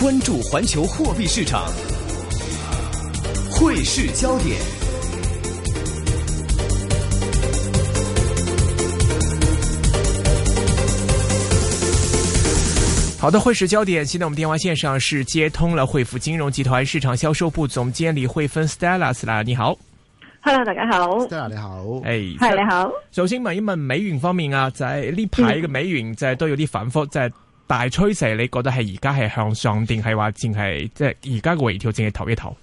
關注環球貨幣市場，匯市焦點。好的，匯市焦點。現在我們電話線上是接通了匯富金融集團市場銷售部總監李慧芬 Stella，Stella 你好。Hello，大家好。Stella 你好。哎，嗨你好。首先，美元美元方面啊，在呢排一個美元在都有啲反復、嗯、在。大趨勢，你覺得係而家係向上定係話淨係即係而家個回調淨係投一投？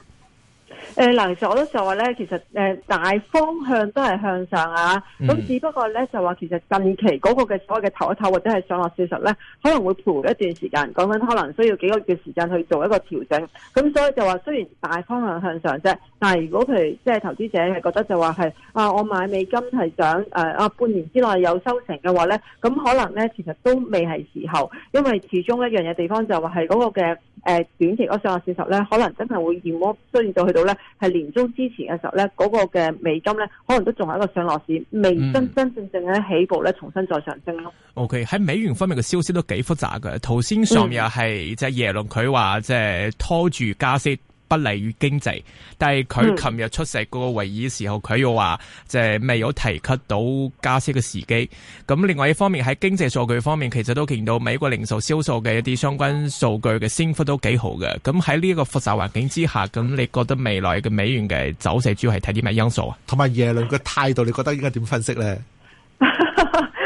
誒，嗱，其實我都就話咧，其實誒大方向都係向上啊，咁、嗯、只不過咧就話，其實近期嗰個嘅所謂嘅唞一唞或者係上落事實咧，可能會盤一段時間，講緊可能需要幾個月時間去做一個調整，咁所以就話雖然大方向向上啫，但係如果譬如即係投資者係覺得就話係啊，我買美金係想誒啊，啊半年之內有收成嘅話咧，咁可能咧其實都未係時候，因為始終一樣嘢地方就話係嗰個嘅。誒、呃、短期個上落市實咧，可能真係會延窩，雖然到去到咧係年中之前嘅時候咧，嗰、那個嘅美金咧，可能都仲係一個上落市，未真真正正咧起步咧重新再上升咯。O K，喺美元方面嘅消息都幾複雜㗎，頭先上面係即係耶倫佢話即係拖住加息。嗯不利於經濟，但係佢琴日出席嗰個會議嘅時候，佢又話即係未有提及到加息嘅時機。咁另外一方面喺經濟數據方面，其實都見到美國零售銷售嘅一啲相關數據嘅升幅都幾好嘅。咁喺呢一個複雜環境之下，咁你覺得未來嘅美元嘅走勢主要係睇啲咩因素啊？同埋耶倫嘅態度，你覺得應該點分析咧？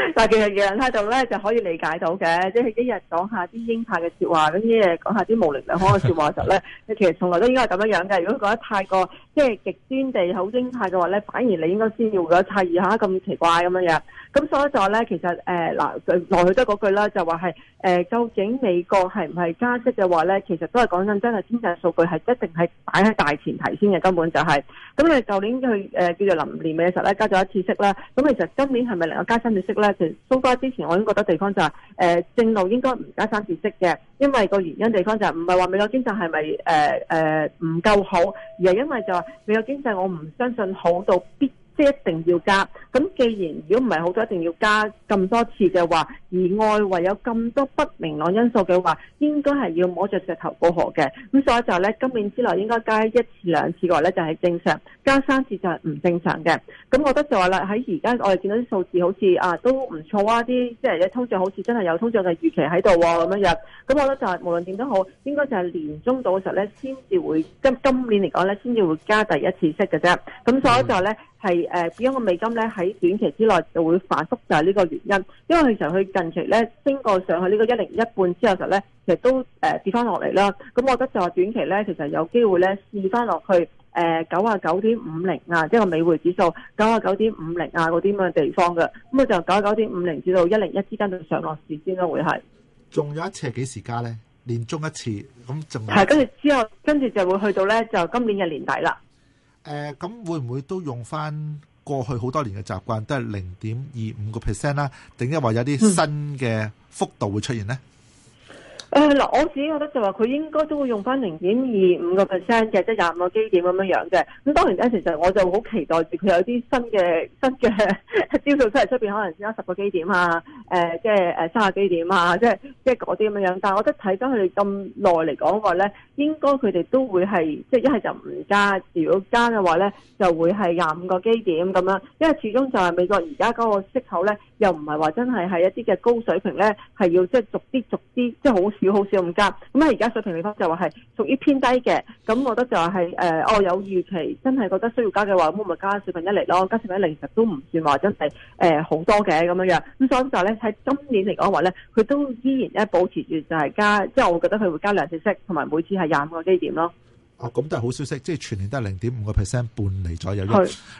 但係其實其他人咧就就可以理解到嘅，即係一日講下啲鷹派嘅説話，咁一日講下啲模棱兩可嘅説話嘅時候咧，其實從來都應該係咁樣樣嘅。如果佢覺得太過即係極端地好鷹派嘅話咧，反而你應該先要會猜疑下咁奇怪咁樣樣。咁所以就話咧，其實誒嗱，來、呃、去都係嗰句啦，就話係誒究竟美國係唔係加息嘅話咧，其實都係講真，真係經濟數據係一定係擺喺大前提先嘅，根本就係、是、咁。你舊年佢誒、呃、叫做臨年尾嘅時候咧，加咗一次息啦，咁其實今年係咪能夠加新利息咧？蘇哥，之前我已經覺得地方就係，誒正路應該唔加三次息嘅，因為個原因地方就係唔係話美國經濟係咪誒誒唔夠好，而係因為就係美國經濟我唔相信好到必即係一定要加，咁既然如果唔係好到一定要加咁多次嘅話。而外圍有咁多不明朗因素嘅話，應該係要摸着石頭過河嘅。咁所以就咧，今年之內應該加一次兩次嘅話咧，就係、是、正常；加三次就係唔正常嘅。咁我覺得就話啦，喺而家我哋見到啲數字好似啊都唔錯啊，啲、啊、即係咧通脹好似真係有通脹嘅預期喺度咁樣樣。咁我覺得就係、是、無論點都好，應該就係年中到嘅時候咧，先至會今今年嚟講咧，先至會加第一次息嘅啫。咁所以就咧係誒，點個個美金咧喺短期之內就會反覆就係呢個原因，因為其實佢近期咧升過上去呢個一零一半之後就咧，其實都誒跌翻落嚟啦。咁我覺得就話短期咧，其實有機會咧試翻落去誒九啊九點五零啊，即係個美匯指數九啊九點五零啊嗰啲咁嘅地方嘅。咁啊就九啊九點五零至到一零一之間度上落市先咯，會係。仲有一次係幾時加咧？年中一次咁仲係跟住之後，跟住就會去到咧就今年嘅年底啦。誒，咁會唔會都用翻？過去好多年嘅習慣都係零點二五個 percent 啦，定抑或有啲新嘅幅度會出現咧？誒、嗯、嗱，我自己覺得就話佢應該都會用翻零點二五個 percent 嘅，即係廿五個基點咁樣樣嘅。咁當然咧，其實我就好期待住佢有啲新嘅新嘅招數出嚟出面，可能先加十個基點啊，即係誒卅基點啊，即係即係嗰啲咁樣。但係我覺得睇咗佢哋咁耐嚟講話咧，應該佢哋都會係即係一係就唔加，如果加嘅話咧，就會係廿五個基點咁樣，因為始終就係美國而家嗰個息口咧，又唔係話真係係一啲嘅高水平咧，係要即係逐啲逐啲即係好。就是要好少唔加，咁啊而家水平嚟講就話係屬於偏低嘅，咁我覺得就係、是、誒，哦、呃、有預期，真係覺得需要加嘅話，咁我咪加四分一釐咯，加四分一其實都唔算話真係誒好多嘅咁樣樣，咁所以就咧喺今年嚟講話咧，佢都依然咧保持住就係加，即、就、係、是、我覺得佢會加兩成息，同埋每次係廿五個基點咯。咁都係好消息，即、就、係、是、全年都係零點五個 percent 半釐左右。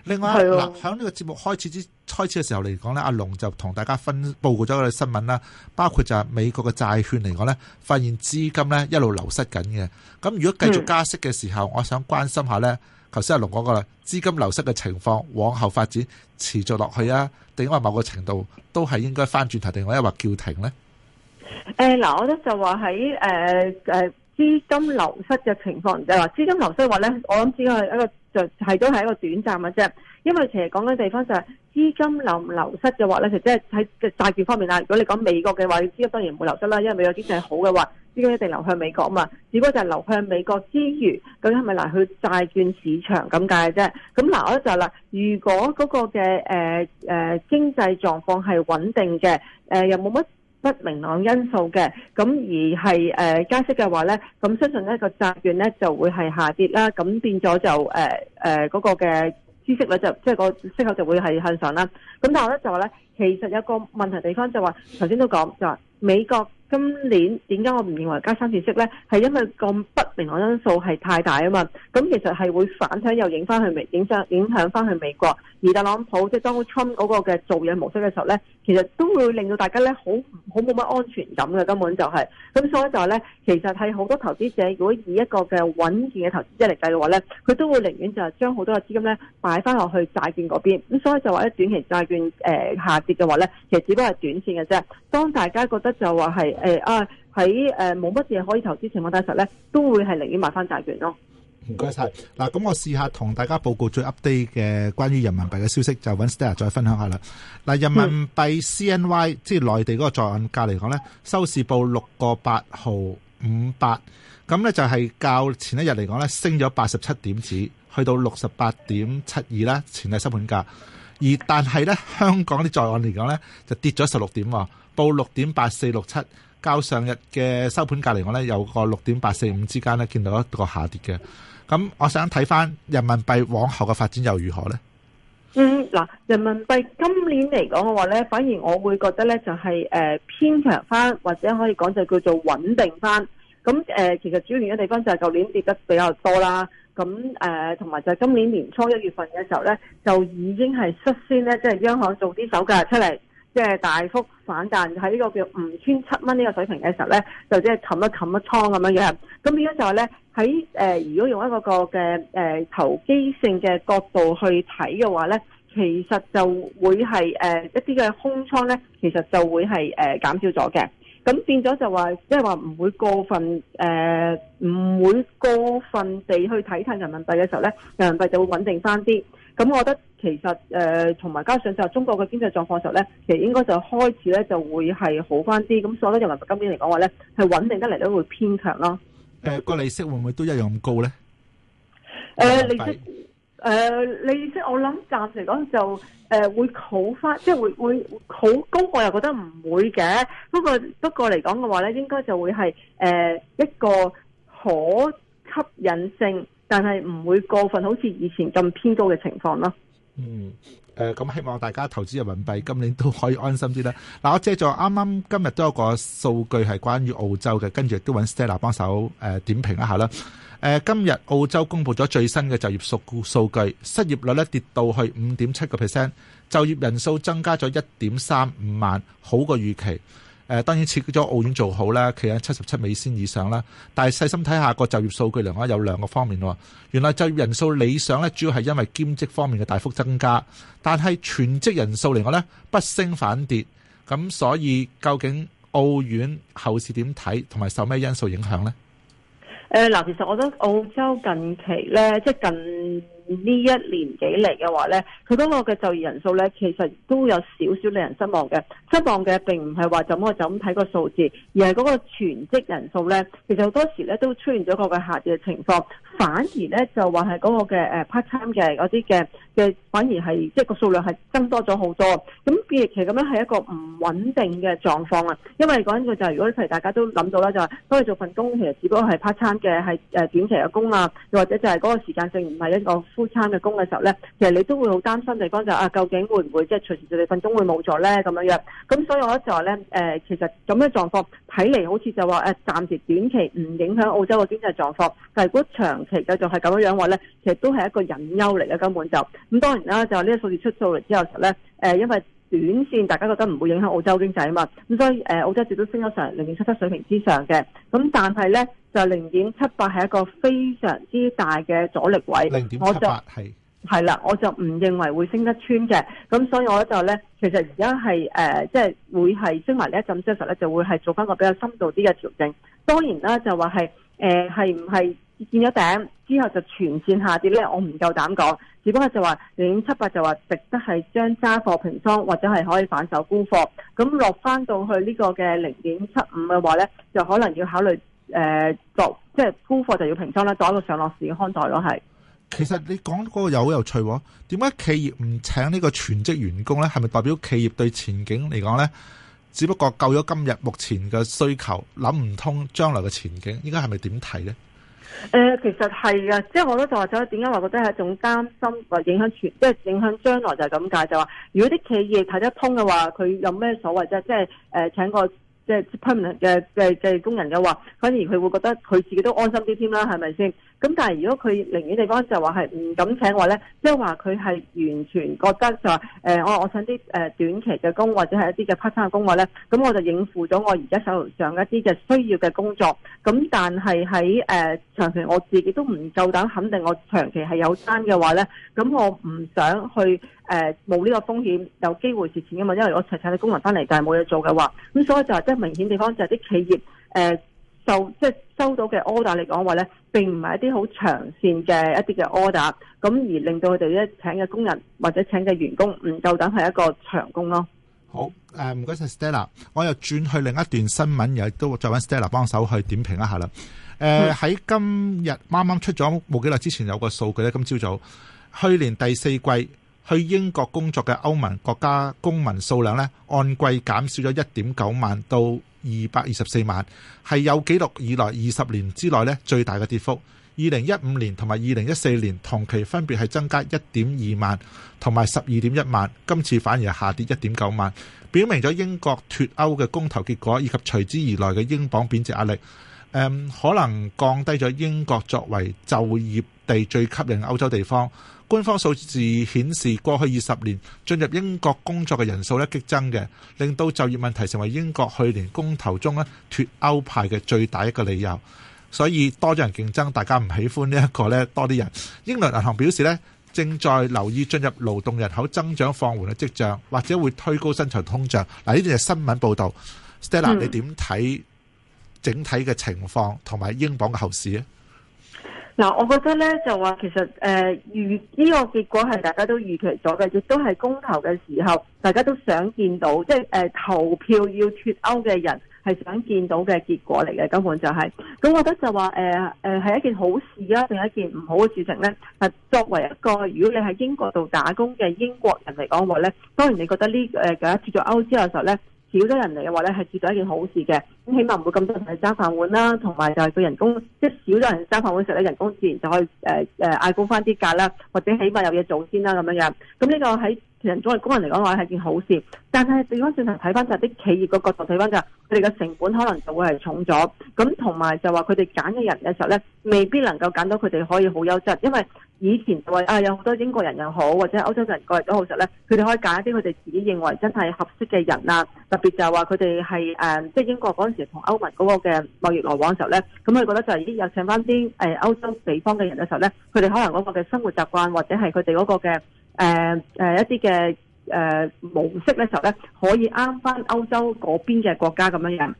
另外，嗱，喺呢個節目開始之開始嘅時候嚟講咧，阿龍就同大家分報告咗個新聞啦，包括就係美國嘅債券嚟講咧，發現資金咧一路流失緊嘅。咁如果繼續加息嘅時候、嗯，我想關心下咧，頭先阿龍講過啦，資金流失嘅情況往後發展持續落去啊，定係某個程度都係應該翻轉頭，定或者話叫停咧？誒，嗱，我覺得就話喺誒誒。呃呃資金流失嘅情況就係話資金流失嘅話咧，我諗只係一個就係都係一個短暫嘅啫。因為其實講緊地方就係、是、資金流唔流失嘅話咧，其實即係喺債券方面啦。如果你講美國嘅話，資金當然唔會流失啦，因為美國經濟好嘅話，資金一定流向美國啊嘛。只不過就係流向美國之餘，究竟係咪嚟去債券市場咁解啫？咁嗱，我就係、是、啦，如果嗰個嘅誒誒經濟狀況係穩定嘅，誒、呃、又冇乜不明朗因素嘅，咁而係誒、呃、加息嘅話咧，咁相信咧、個債券咧就會係下跌啦，咁變咗就誒誒嗰個嘅孳息率就即係、就是、個息口就會係向上啦，咁但係咧就話咧。其實有一個問題的地方就話，頭先都講就話美國今年點解我唔認為加三次息咧？係因為個不明朗因素係太大啊嘛。咁其實係會反響又影響去美影上影響翻去美國，而特朗普即係 Donald Trump 嗰個嘅做嘢模式嘅時候咧，其實都會令到大家咧好好冇乜安全感嘅根本就係。咁所以就話咧，其實係好多投資者如果以一個嘅穩健嘅投資者嚟計嘅話咧，佢都會寧願就係將好多嘅資金咧擺翻落去債券嗰邊。咁所以就話咧，短期債券誒、呃、下嘅話咧，其實只不過係短線嘅啫。當大家覺得就話係誒啊，喺誒冇乜嘢可以投資情況底下實咧，都會係寧願買翻債券咯。唔該晒，嗱，咁我試下同大家報告最 update 嘅關於人民幣嘅消息，就揾 Stella 再分享一下啦。嗱，人民幣 CNY、嗯、即係內地嗰個在岸價嚟講咧，收市報六個八毫五八，咁咧就係較前一日嚟講咧升咗八十七點子，去到六十八點七二啦，前日收盤價。而但係咧，香港啲在岸嚟講咧，就跌咗十六點，報六點八四六七，較上日嘅收盤價嚟講咧，有個六點八四五之間咧，見到一個下跌嘅。咁我想睇翻人民幣往後嘅發展又如何咧？嗯，嗱，人民幣今年嚟講嘅話咧，反而我會覺得咧、就是，就係誒偏強翻，或者可以講就叫做穩定翻。咁誒、呃，其實主要原因嘅地方就係舊年跌得比較多啦。咁誒，同埋就係今年年初一月份嘅時候咧，就已經係率先咧，即係央行做啲手價出嚟，即係大幅反彈喺呢個叫五千七蚊呢個水平嘅時候咧，就即係冚一冚一倉咁樣樣。咁變咗就係咧，喺誒、呃、如果用一個個嘅誒、呃、投機性嘅角度去睇嘅話咧，其實就會係誒、呃、一啲嘅空倉咧，其實就會係、呃、減少咗嘅。咁變咗就話，即係話唔會過分誒，唔會過分地去睇睇人民幣嘅時候咧，人民幣就會穩定翻啲。咁我覺得其實誒，同埋加上就係中國嘅經濟狀況嘅時候咧，其實應該就開始咧就會係好翻啲。咁所以我覺得人民幣今年嚟講話咧，係穩定得嚟，都會偏強咯。誒，個利息會唔會都一樣咁高咧？誒，利息。誒、呃呃，利息我諗暫時嚟講就誒會好翻，即係會會好高，我又覺得唔會嘅。不過不過嚟講嘅話咧，應該就會係誒、呃、一個可吸引性，但係唔會過分好似以前咁偏高嘅情況咯。嗯，誒、呃，咁希望大家投資人民幣今年都可以安心啲啦。嗱、啊，我借助啱啱今日都有個數據係關於澳洲嘅，跟住亦都揾 Stella 幫手誒點評一下啦。今日澳洲公布咗最新嘅就業數數據，失業率咧跌到去五點七個 percent，就業人數增加咗一點三五萬，好過預期。當然設咗澳元做好啦，企喺七十七美仙以上啦。但係細心睇下個就業數據嚟講，有兩個方面喎。原來就業人數理想主要係因為兼職方面嘅大幅增加，但係全職人數嚟講不升反跌。咁所以究竟澳元後市點睇，同埋受咩因素影響呢？誒，嗱，其實我覺得澳洲近期咧，即係近。呢一年幾嚟嘅話咧，佢嗰個嘅就業人數咧，其實都有少少令人失望嘅。失望嘅並唔係話怎就咁睇個數字，而係嗰個全職人數咧，其實好多時咧都出現咗個嘅下跌嘅情況。反而咧就話係嗰個嘅誒 part time 嘅嗰啲嘅嘅，反而係即係個數量係增多咗好多。咁變異其實咁樣係一個唔穩定嘅狀況啊。因為講緊嘅就係如果你譬如大家都諗到啦，就係當你做份工其實只不過係 part time 嘅，係誒短期嘅工啊，又或者就係嗰個時間性唔係一個。孤餐嘅工嘅時候咧，其實你都會好擔心，地方就啊，究竟會唔會即係隨時隨地份工會冇咗咧？咁樣樣，咁所以我覺得就話咧，誒、呃，其實咁嘅狀況睇嚟好似就話誒，暫時短期唔影響澳洲嘅經濟狀況，但係如果長期繼續係咁樣樣話咧，其實都係一個隱憂嚟嘅根本就，咁當然啦，就話呢個數字出咗嚟之後咧，誒、呃，因為。短線大家覺得唔會影響澳洲經濟啊嘛，咁所以誒澳洲一直都升咗上零點七七水平之上嘅，咁但係咧就零點七八係一個非常之大嘅阻力位，零點七八係係啦，我就唔認為會升得穿嘅，咁所以我就咧其實而家係誒即係會係升埋呢一陣之後咧就會係做返個比較深度啲嘅調整，當然啦就話係誒係唔係？呃是不是見咗頂之後就全線下跌咧，我唔夠膽講。只不過就話零點七八就話值得係將揸貨平倉，或者係可以反手沽貨。咁落翻到去呢個嘅零點七五嘅話咧，就可能要考慮誒作即係沽貨就要平倉啦，作一個上落市看待咯。係其實你講嗰個又好有趣，點解企業唔請呢個全職員工咧？係咪代表企業對前景嚟講咧？只不過夠咗今日目前嘅需求，諗唔通將來嘅前景，應該係咪點睇咧？誒、呃，其實係啊，即係我都就話咗，點解話覺得係一種擔心，或影響全，即係影響將來就係咁解，就話、是、如果啲企業睇得通嘅話，佢有咩所謂啫？即係誒、呃，請個。即係 permanent 嘅嘅嘅工人嘅話，反而佢會覺得佢自己都安心啲添啦，係咪先？咁但係如果佢寧願地方就話係唔敢請我咧，即係話佢係完全覺得就係誒，我我想啲誒短期嘅工或者係一啲嘅 part time 嘅工話咧，咁我就應付咗我而家手上一啲嘅需要嘅工作。咁但係喺誒長期我自己都唔夠膽肯定我長期係有單嘅話咧，咁我唔想去誒冇呢個風險有機會蝕錢啊嘛，因為我請請啲工人翻嚟但係冇嘢做嘅話，咁所以就係即明顯地方就係啲企業誒受，呃、即係收到嘅 order 嚟講話咧，並唔係一啲好長線嘅一啲嘅 order，咁而令到佢哋咧請嘅工人或者請嘅員工唔夠等係一個長工咯。好誒，唔該晒 Stella，我又轉去另一段新聞，亦都再搵 Stella 幫手去點評一下啦。誒、呃，喺、嗯、今日啱啱出咗冇幾耐之前有個數據咧，今朝早去年第四季。去英國工作嘅歐盟國家公民數量呢，按季減少咗一點九萬到二百二十四萬，係有紀錄以來二十年之內呢最大嘅跌幅。二零一五年同埋二零一四年同期分別係增加一點二萬同埋十二點一萬，今次反而下跌一點九萬，表明咗英國脱歐嘅公投結果，以及隨之而來嘅英鎊貶值壓力。誒、嗯，可能降低咗英國作為就業地最吸引歐洲地方。官方數字顯示，過去二十年進入英國工作嘅人數咧激增嘅，令到就業問題成為英國去年公投中咧脫歐派嘅最大一個理由。所以多咗人競爭，大家唔喜歡呢一個咧多啲人。英倫銀行表示咧正在留意進入勞動人口增長放緩嘅跡象，或者會推高薪酬通脹。嗱，呢段係新聞報道。Stella，你點睇？整體嘅情況同埋英鎊嘅後市咧，嗱，我覺得咧就話其實誒預呢個結果係大家都預期咗嘅，亦都係公投嘅時候大家都想見到，即係誒、呃、投票要脫歐嘅人係想見到嘅結果嚟嘅，根本就係、是、咁。那我覺得就話誒誒係一件好事啊，定係一件唔好嘅事情咧？啊、呃，作為一個如果你喺英國度打工嘅英國人嚟講話咧，當然你覺得呢誒嘅脫咗歐之後嘅時候咧？少咗人嚟嘅話咧，係絕對一件好事嘅。咁起碼唔會咁多人去爭飯碗啦，同埋就係個人工，即係少咗人爭飯碗嘅時候咧，人工自然就可以誒誒嗌高翻啲價啦，或者起碼有嘢做先啦咁樣樣。咁呢個喺其實作為工人嚟講，我係係件好事。但係你翻轉頭睇翻就係啲企業嘅角度睇翻就，佢哋嘅成本可能就會係重咗。咁同埋就話佢哋揀嘅人嘅時候咧，未必能夠揀到佢哋可以好優質。因為以前就話啊，有好多英國人又好，或者歐洲人過嚟都好實咧，佢哋可以揀一啲佢哋自己認為真係合適嘅人啊。特別就係話佢哋係誒，即係英國嗰陣時同歐盟嗰個嘅貿易來往嘅時候咧，咁佢覺得就係已經有請翻啲誒歐洲地方嘅人嘅時候咧，佢哋可能嗰個嘅生活習慣或者係佢哋嗰個嘅。誒、呃、誒、呃，一啲嘅誒模式咧，時候咧可以啱翻歐洲嗰邊嘅國家咁樣樣，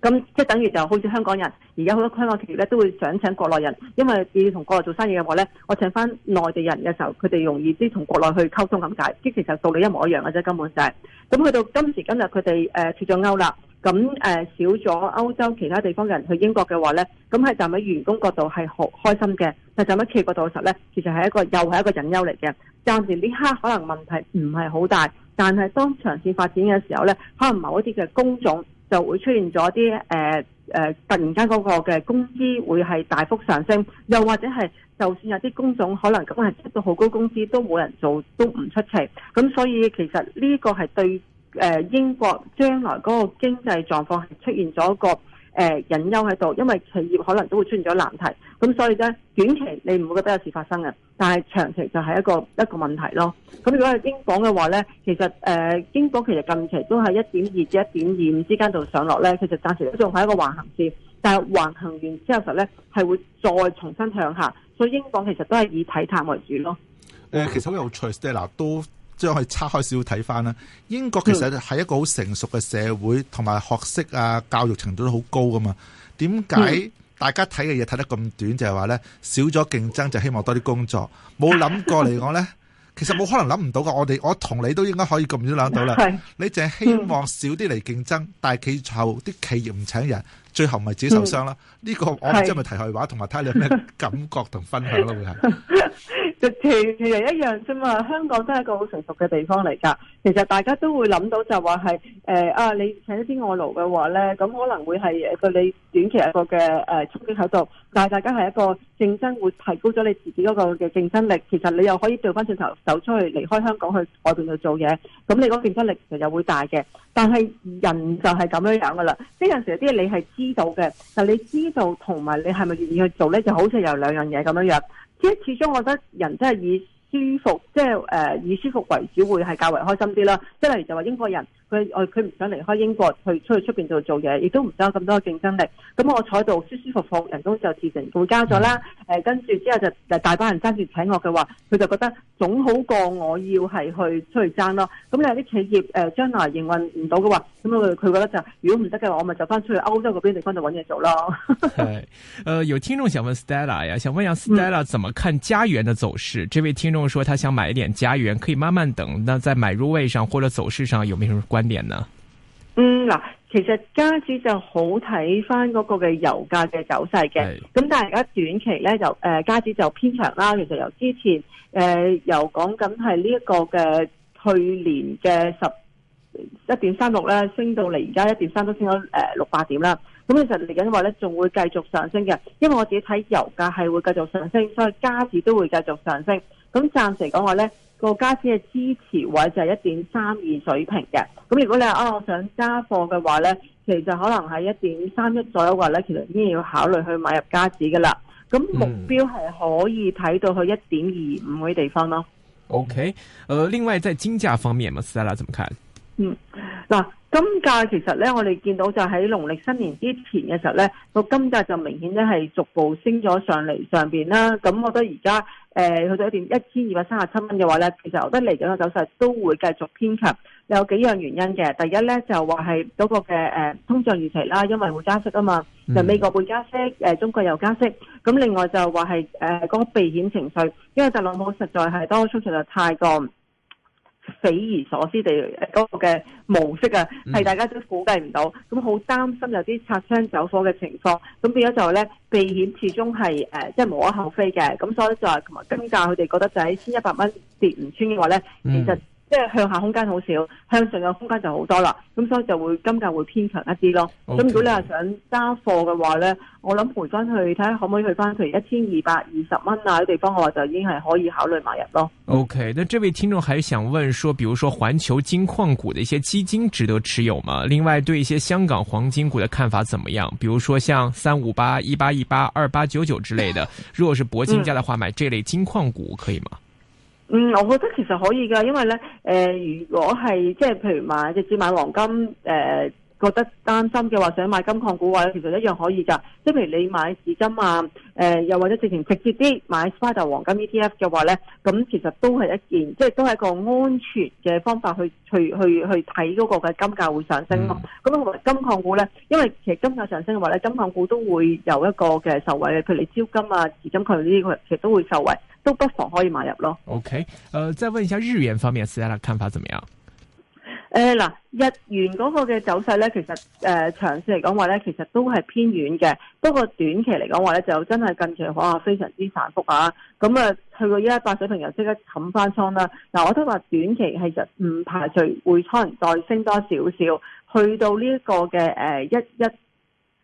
咁即係等於就好似香港人，而家好多香港企業咧都會想請國內人，因為要同國內做生意嘅話咧，我請翻內地人嘅時候，佢哋容易啲同國內去溝通咁解，即係其實就道理一模一樣嘅啫，根本上，就係。咁去到今時今日，佢哋誒脫咗歐啦。咁誒少咗歐洲其他地方嘅人去英國嘅話呢，咁喺站喺員工角度係好開心嘅，但站喺企業角度嘅時候呢，其實係一個又係一個隱憂嚟嘅。暫時呢刻可能問題唔係好大，但係當長線發展嘅時候呢，可能某一啲嘅工種就會出現咗啲誒誒，突然間嗰個嘅工資會係大幅上升，又或者係就算有啲工種可能今日出到好高工資都冇人做都，都唔出奇。咁所以其實呢個係對。誒英國將來嗰個經濟狀況出現咗一個誒、呃、隱憂喺度，因為企業可能都會出現咗難題，咁所以咧短期你唔會覺得有事發生嘅，但係長期就係一個一個問題咯。咁如果係英鎊嘅話咧，其實誒、呃、英鎊其實近期都係一點二至一點二五之間度上落咧，其實暫時都仲係一個橫行線，但係橫行完之後咧係會再重新向下，所以英鎊其實都係以睇淡為主咯。誒、嗯，其實好有趣嘅，Stella 都。將佢拆開少少睇翻啦，英國其實係一個好成熟嘅社會，同埋學識啊、教育程度都好高噶嘛。點解大家睇嘅嘢睇得咁短？就係話咧，少咗競爭就希望多啲工作，冇諗過嚟講咧， 其實冇可能諗唔到噶。我哋我同你都應該可以咁樣諗到啦。 你淨係希望少啲嚟競爭，但係以後啲企業唔請人，最後咪自己受傷啦。呢個我唔知係咪題外話，同埋睇下你有咩感覺同分享咯，會係。其其實一樣啫嘛，香港都係一個好成熟嘅地方嚟噶。其實大家都會諗到就話係誒啊，你請一啲外勞嘅話咧，咁可能會係對你短期一個嘅誒衝擊喺度。但係大家係一個競爭會提高咗你自己嗰個嘅競爭力。其實你又可以掉翻轉頭走出去離開香港去外邊去做嘢，咁你嗰競爭力其實又會大嘅。但係人就係咁樣樣噶啦。呢陣時啲你係知道嘅，但係你知道同埋你係咪願意去做咧，就好似有兩樣嘢咁樣樣。即係始終，我覺得人真係以舒服，即係誒以舒服為主，會係較為開心啲啦。即係例如就話英國人。佢我佢唔想離開英國去出去出邊度做嘢，亦都唔想有咁多競爭力。咁我坐喺度舒舒服服，人工就自成附加咗啦。誒、嗯，跟、呃、住之後就大班人爭住請我嘅話，佢就覺得總好過我要係去出去爭咯。咁有啲企業誒，將來營運唔到嘅話，咁佢佢覺得就如果唔得嘅話，我咪就翻出去歐洲嗰邊地方度揾嘢做咯。誒、呃，有聽眾想問 Stella 呀，想問，問一下 Stella 怎麼看家園嘅走勢，嗯。這位聽眾說，他想買一點家園，可以慢慢等。那在買入位上或者走勢上，有冇有什觀點啦，嗯嗱，其實加紙就好睇返嗰個嘅油價嘅走勢嘅，咁但係而家短期咧就誒、呃、加紙就偏長啦。其實由之前誒、呃、由講緊係呢一個嘅去年嘅十一點三六咧升到嚟而家一點三都升咗誒、呃、六八點啦。咁其實嚟緊話咧仲會繼續上升嘅，因為我自己睇油價係會繼續上升，所以加紙都會繼續上升。咁暫時嚟講話咧。個加紙嘅支持位就係一點三二水平嘅，咁如果你話啊，我想加貨嘅話咧，其實可能係一點三一左右嘅 level 已經要考慮去買入加紙噶啦，咁目標係可以睇到、嗯、去一點二五嗰地方咯。OK，誒、呃，另外在金價方面，嘛，Stella 怎麼看？嗯。嗱，金價其實咧，我哋見到就喺農曆新年之前嘅時候咧，個金價就明顯咧係逐步升咗上嚟上邊啦。咁我覺得而家誒去到一點一千二百三十七蚊嘅話咧，其實我覺得嚟緊嘅走勢都會繼續偏強。有幾樣原因嘅，第一咧就話係嗰個嘅誒通脹預期啦，因為會加息啊嘛。就、嗯、美國會加息，中國又加息。咁另外就話係誒嗰個避險情緒，因為特朗普實在係多出場就太過匪夷所思地嗰個嘅模式啊，係大家都估計唔到，咁好擔心有啲擦槍走火嘅情況，咁變咗就咧避險始終係誒，即係無可厚非嘅，咁所以就係同埋金價佢哋覺得就係千一百蚊跌唔穿嘅話咧，其實。即係向下空間好少，向上嘅空間就好多啦，咁所以就會金價會偏強一啲咯。咁、okay。如果你想貨話想揸貨嘅話呢，我諗回翻去睇下可唔可以去翻譬如一千二百二十蚊啊啲地方嘅話，就已經係可以考慮買入咯。OK，那這位聽眾還想問說，比如說環球金礦股的一些基金值得持有嗎？另外對一些香港黃金股的看法怎麼樣？比如說像三五八、一八一八、二八九九之類的，如果是鉑金價嘅話，買這類金礦股可以嗎？嗯嗯，我覺得其實可以噶，因為咧，誒、呃，如果係即係，譬如買，甚至買黃金，誒、呃，覺得擔心嘅話，想買金礦股嘅話，其實一樣可以噶。即係譬如你買紙金啊，誒、呃，又或者直情直接啲買 Spider 黃金 ETF 嘅話咧，咁其實都係一件，即係都係一個安全嘅方法去去去去睇嗰個嘅金價會上升咯。咁、嗯、金礦股咧，因為其實金價上升嘅話咧，金礦股都會有一個嘅受惠嘅，譬如你招金啊、紫金佢呢啲，其實都會受惠。都不妨可以買入咯。OK，誒、呃，再問一下日元方面，Stella 嘅看法怎麼樣？誒、呃、嗱，日元嗰個嘅走勢咧，其實誒，長線嚟講話咧，其實都係偏軟嘅。不過短期嚟講話咧，就真係近期嘅啊，非常之反復啊。咁啊，去到一一百水平又即刻冚翻倉啦。嗱、啊，我都話短期其實唔排除會可能再升多少少，去到呢一個嘅誒一一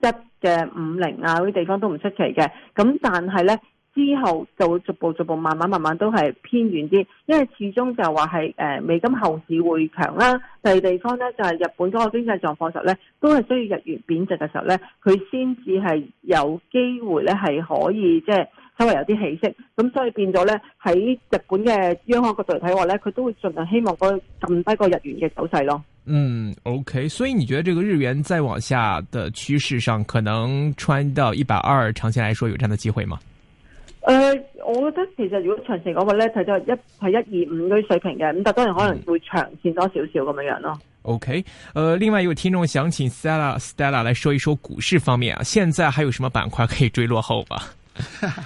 一嘅五零啊嗰啲地方都唔出奇嘅。咁、啊、但係咧。之後就會逐步逐步慢慢慢慢都係偏軟啲，因為始終就話係誒美金後市會強啦。第二地方咧就係、是、日本嗰個經濟狀況時候咧，都係需要日元貶值嘅時候咧，佢先至係有機會咧係可以即係稍微有啲起色。咁所以變咗咧喺日本嘅央行角度嚟睇話咧，佢都會盡量希望降低個日元嘅走勢咯。嗯，OK，所以你覺得這個日元再往下的趨勢上，可能穿到一百二，長期來說有這樣的機會嗎？誒、呃，我覺得其實如果長線講話咧，睇到一係一二五嗰啲水平嘅，咁但係當然可能會長線多少少咁樣樣咯。嗯、OK，誒、呃，另外有聽眾想請 Stella Stella 來說一說股市方面啊，現在還有什麼板塊可以追落後吧？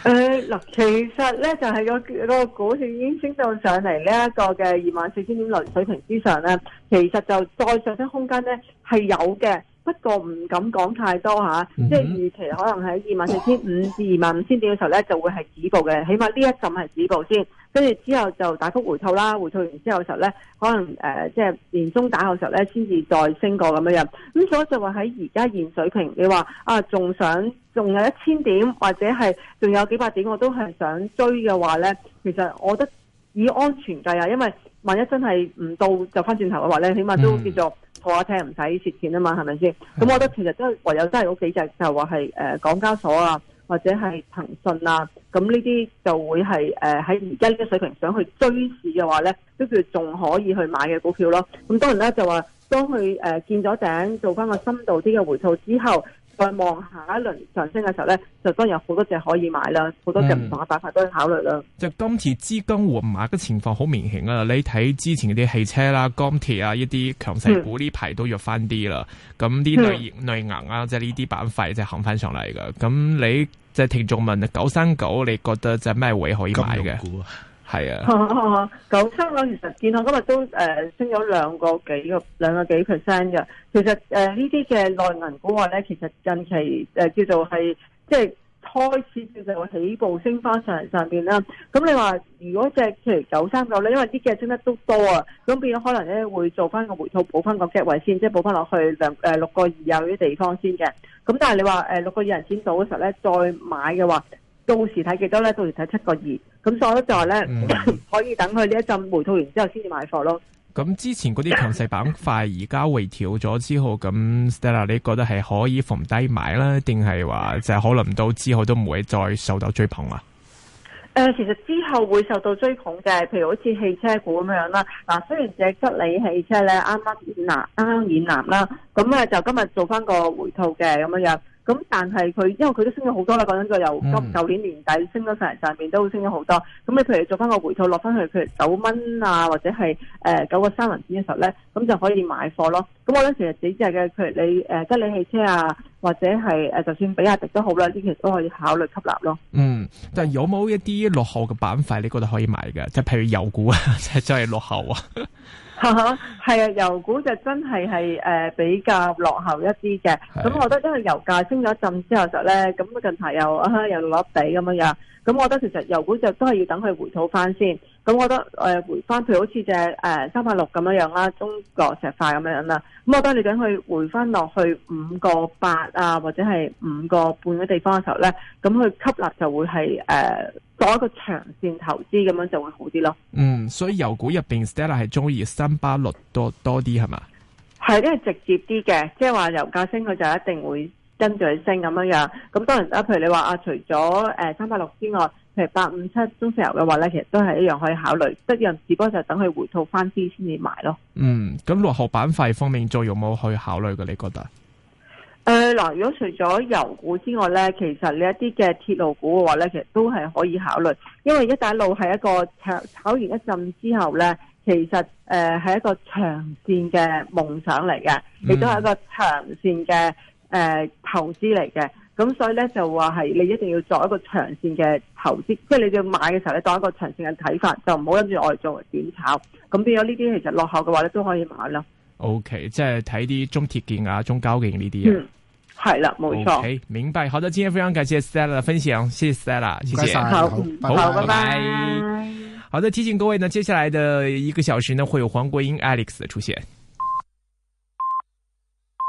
誒，嗱，其實咧就係、是那個、那個股市已經升到上嚟呢一個嘅二萬四千點輪水平之上咧，其實就再上升空間咧係有嘅。不過唔敢講太多吓，即係預期可能喺二萬四千五至二萬五千點嘅時候咧，就會係止步嘅。起碼呢一陣係止步先，跟住之後就大幅回吐啦，回吐完之後嘅時候咧，可能誒、呃、即係年中打後嘅時候咧，先至再升過咁樣樣。咁所以就話喺而家現水平，你話啊仲想仲有一千點或者係仲有幾百點，我都係想追嘅話咧，其實我覺得以安全計啊，因為萬一真係唔到就翻轉頭嘅話咧，起碼都會叫做。坐車唔使蝕錢啊嘛，係咪先？咁 我覺得其實都唯有真係幾隻就是，就話係誒港交所啊，或者係騰訊啊，咁呢啲就會係誒喺而家呢個水平想去追市嘅話咧，都叫仲可以去買嘅股票咯。咁當然啦，就話當佢誒見咗頂，做翻個深度啲嘅回吐之後。再望下一輪上升嘅時候咧，就當然有好多只可以買啦，好多隻唔同嘅板塊都要考慮啦，嗯。就今次資金換馬嘅情況好明顯啊！你睇之前啲汽車啦、鋼鐵啊一啲強勢股呢排都弱翻啲啦，咁啲類型內銀啊，即係呢啲板塊即係行翻上嚟。㗎。咁你即係聽眾問九三九，你覺得即係咩位可以買嘅？係啊， 哦、九三九其實建康今日都誒升咗兩個幾個兩個幾 percent 嘅。其實誒呢啲嘅內銀股話咧，其實近期誒叫做係即係開始叫做起步升翻上上邊啦。咁你話如果隻譬如九三九咧，因為啲嘅升得都多啊，咁變咗可能咧會做翻個回吐，補翻個價位先，即係補翻落去兩誒六個二有啲地方先嘅。咁但係你話誒六個二人錢到嘅時候咧，再買嘅話？到時睇幾多咧？到時睇七個二咁，所以我就話咧、嗯、 可以等佢呢一陣回吐完之後先至買貨咯。咁之前嗰啲強勢板塊而家回調咗之後，咁 Stella 你覺得係可以逢低買啦定係話就可能到之後都唔會再受到追捧啦？誒、呃，其實之後會受到追捧嘅，譬如好似汽車股咁樣啦。嗱、啊，雖然隻吉利汽車咧啱啱演南，啱啱演南啦，咁咧就今日做翻個回吐嘅咁樣樣。咁但係佢，因為佢都升咗好多啦，講真句，由今舊年年底升咗成上面都會升咗好多。咁你譬如做翻個回吐落翻去，譬如九蚊啊，或者係誒九個三文錢嘅時候咧，咁就可以買貨咯。咁我覺得其實幾隻嘅，譬如你誒吉利汽車啊，或者係誒就算比亞迪都好啦，呢啲其實都可以考慮吸納咯。嗯，但係有冇一啲落後嘅板塊你覺得可以買嘅？即係譬如油股啊，即係真係落後啊。係啊，油股就真係係誒比較落後一啲嘅，咁我覺得因為油價升咗一陣之後就咧，咁近排又又落地咁樣樣，咁我覺得其實油股就都係要等佢回吐翻先，咁我覺得誒、呃、回翻，譬如好似隻誒三百六咁樣樣啦，中國石化咁樣樣啦，咁我覺得你等佢回翻落去五個八啊或者係五個半嘅地方嘅時候咧，咁佢吸納就會係誒。呃做一個長線投資咁樣就會好啲咯。嗯，所以油股入邊，Stella 係中意三八六多多啲係嘛？係，因為直接啲嘅，即係話油價升，佢就一定會跟住去升咁樣樣。咁當然，啊，譬如你話啊，除咗誒三八六之外，譬如八五七中石油嘅話咧，其實都係一樣可以考慮，即樣，只不過就等佢回吐翻啲先至買咯。嗯，咁落後板塊方面再有冇去考慮嘅？你覺得？誒，嗱，如果除咗油股之外咧，其實你一啲嘅鐵路股嘅話咧，其實都係可以考慮，因為一帶路係一個炒炒完一陣之後咧，其實誒係、呃、一個長線嘅夢想嚟嘅，亦都係一個長線嘅誒、呃、投資嚟嘅。咁所以咧就話係你一定要作一個長線嘅投資，即係你要買嘅時候咧，你當一個長線嘅睇法，就唔好諗住我哋作為點炒。咁變咗呢啲其實落後嘅話咧，都可以買囉。O K，再係睇啲中鐵建啊、中交建呢啲啊，係、嗯、啦，冇錯，okay, 明白。好的，今天非常感謝 Stella 分享，謝謝 Stella，謝謝，好，好，拜拜好拜拜，好，拜拜。好的，提醒各位呢，接下來的一個小時呢，會有黃國英 Alex 的出現。